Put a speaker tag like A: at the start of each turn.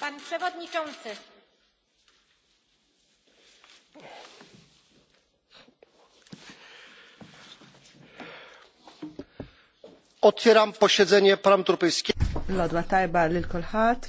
A: Pan Przewodniczący.
B: Otwieram posiedzenie Parlamentu Europejskiego.
C: l tajba lil kulħadd.